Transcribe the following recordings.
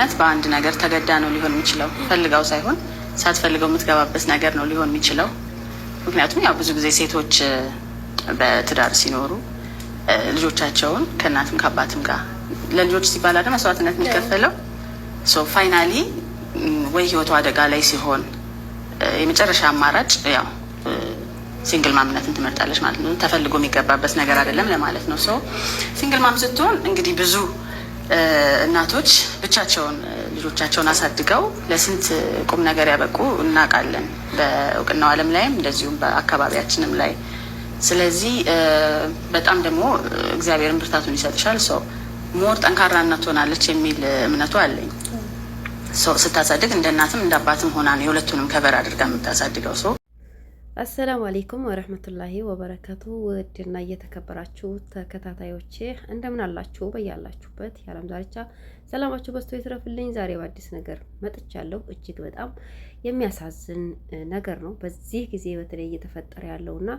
ነት በአንድ ነገር ተገዳ ነው ሊሆን የሚችለው፣ ፈልጋው ሳይሆን ሳትፈልገው የምትገባበት ነገር ነው ሊሆን የሚችለው። ምክንያቱም ያው ብዙ ጊዜ ሴቶች በትዳር ሲኖሩ ልጆቻቸውን ከእናትም ከአባትም ጋር ለልጆች ሲባል አደ መስዋዕትነት የሚከፈለው። ሶ ፋይናሊ ወይ ህይወቱ አደጋ ላይ ሲሆን የመጨረሻ አማራጭ ያው ሲንግል ማምነትን ትመርጣለች ማለት ነው። ተፈልጎ የሚገባበት ነገር አይደለም ለማለት ነው። ሶ ሲንግል ማም ስትሆን እንግዲህ ብዙ እናቶች ብቻቸውን ልጆቻቸውን አሳድገው ለስንት ቁም ነገር ያበቁ እናውቃለን። በእውቅናው ዓለም ላይም እንደዚሁም በአካባቢያችንም ላይ ስለዚህ በጣም ደግሞ እግዚአብሔርን ብርታቱን ይሰጥሻል። ሰው ሞር ጠንካራ እናት ሆናለች የሚል እምነቱ አለኝ። ሰው ስታሳድግ እንደ እናትም እንደ አባትም ሆና ነው የሁለቱንም ከበር አድርጋ የምታሳድገው ሰው አሰላሙ አሌይኩም ወረህመቱላሂ ወበረከቱ። ውድና እየተከበራችሁ ተከታታዮቼ እንደምን አላችሁ? በያላችሁበት የዓለም ዳርቻ ሰላማችሁ በዝቶ ይትረፍልኝ። ዛሬ በአዲስ ነገር መጥቻለሁ። እጅግ በጣም የሚያሳዝን ነገር ነው። በዚህ ጊዜ በተለይ እየተፈጠረ ያለውና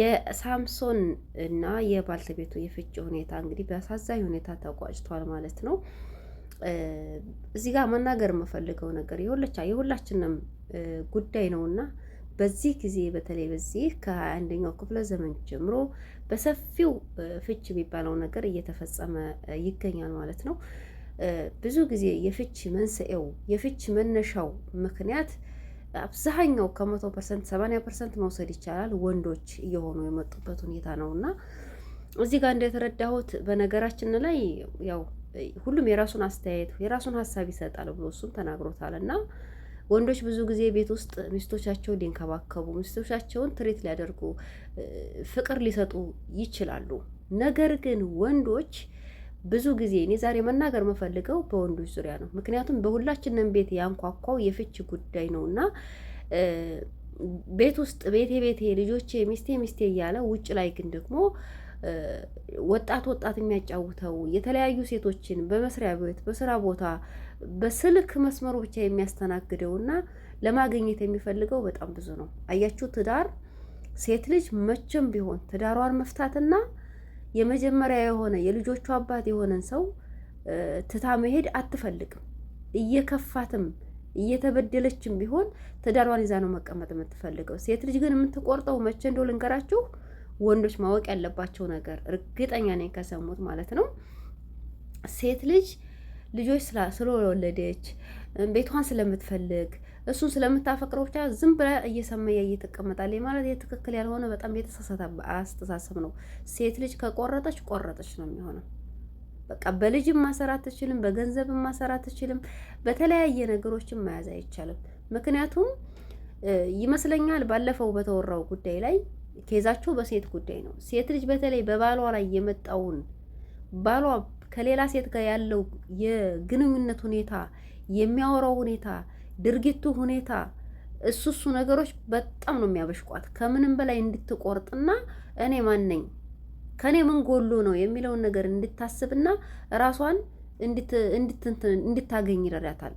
የሳምሶን እና የባልተቤቱ የፍቺ ሁኔታ እንግዲህ በአሳዛኝ ሁኔታ ተቋጭቷል ማለት ነው። እዚህ ጋር መናገር የምፈልገው ነገር የሁላችንም ጉዳይ ነውና በዚህ ጊዜ በተለይ በዚህ ከአንደኛው ክፍለ ዘመን ጀምሮ በሰፊው ፍች የሚባለው ነገር እየተፈጸመ ይገኛል ማለት ነው። ብዙ ጊዜ የፍች መንስኤው የፍች መነሻው ምክንያት አብዛኛው ከመቶ ፐርሰንት ሰማንያ ፐርሰንት መውሰድ ይቻላል ወንዶች እየሆኑ የመጡበት ሁኔታ ነው እና እዚህ ጋር እንደተረዳሁት በነገራችን ላይ ያው ሁሉም የራሱን አስተያየት የራሱን ሀሳብ ይሰጣል ብሎ እሱም ተናግሮታል እና ወንዶች ብዙ ጊዜ ቤት ውስጥ ሚስቶቻቸውን ሊንከባከቡ ሚስቶቻቸውን ትሬት ሊያደርጉ ፍቅር ሊሰጡ ይችላሉ። ነገር ግን ወንዶች ብዙ ጊዜ እኔ ዛሬ መናገር መፈልገው በወንዶች ዙሪያ ነው። ምክንያቱም በሁላችንም ቤት ያንኳኳው የፍች ጉዳይ ነው እና ቤት ውስጥ ቤቴ ቤቴ ልጆቼ ሚስቴ ሚስቴ እያለ ውጭ ላይ ግን ደግሞ ወጣት ወጣት የሚያጫውተው የተለያዩ ሴቶችን በመስሪያ ቤት በስራ ቦታ በስልክ መስመሩ ብቻ የሚያስተናግደውና ለማግኘት የሚፈልገው በጣም ብዙ ነው። አያችሁ ትዳር ሴት ልጅ መቼም ቢሆን ትዳሯን መፍታትና የመጀመሪያ የሆነ የልጆቹ አባት የሆነን ሰው ትታ መሄድ አትፈልግም። እየከፋትም እየተበደለችም ቢሆን ትዳሯን ይዛ ነው መቀመጥ የምትፈልገው። ሴት ልጅ ግን የምትቆርጠው መቼ እንደው ልንገራችሁ፣ ወንዶች ማወቅ ያለባቸው ነገር እርግጠኛ ነኝ ከሰሙት ማለት ነው ሴት ልጅ ልጆች ስለወለደች ቤቷን ስለምትፈልግ እሱን ስለምታፈቅረው ብቻ ዝም ብላ እየሰማያ እየተቀመጣል ማለት የትክክል ያልሆነ በጣም የተሳሳተ አስተሳሰብ ነው። ሴት ልጅ ከቆረጠች ቆረጠች ነው የሚሆነው። በቃ በልጅም ማሰራት ትችልም፣ በገንዘብም ማሰራት ትችልም፣ በተለያየ ነገሮችን መያዝ አይቻልም። ምክንያቱም ይመስለኛል ባለፈው በተወራው ጉዳይ ላይ ኬዛቸው በሴት ጉዳይ ነው። ሴት ልጅ በተለይ በባሏ ላይ የመጣውን ባሏ ከሌላ ሴት ጋር ያለው የግንኙነት ሁኔታ፣ የሚያወራው ሁኔታ፣ ድርጊቱ ሁኔታ እሱ እሱ ነገሮች በጣም ነው የሚያበሽቋት። ከምንም በላይ እንድትቆርጥና እኔ ማነኝ ከኔ ምን ጎሎ ነው የሚለውን ነገር እንድታስብና ራሷን እንድታገኝ ይረዳታል።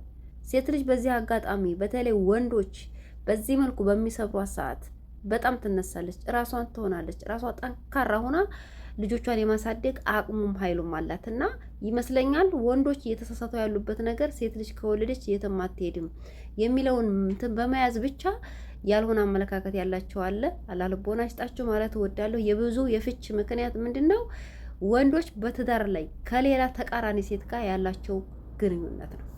ሴት ልጅ በዚህ አጋጣሚ በተለይ ወንዶች በዚህ መልኩ በሚሰብሯት ሰዓት በጣም ትነሳለች፣ ራሷን ትሆናለች። ራሷ ጠንካራ ሆና ልጆቿን የማሳደግ አቅሙም ኃይሉም አላት እና ይመስለኛል ወንዶች እየተሳሳተው ያሉበት ነገር ሴት ልጅ ከወለደች የትም አትሄድም የሚለውን እንትን በመያዝ ብቻ ያልሆነ አመለካከት ያላቸው አለ። አላልቦና ሽጣቸው ማለት እወዳለሁ። የብዙ የፍች ምክንያት ምንድን ነው? ወንዶች በትዳር ላይ ከሌላ ተቃራኒ ሴት ጋር ያላቸው ግንኙነት ነው።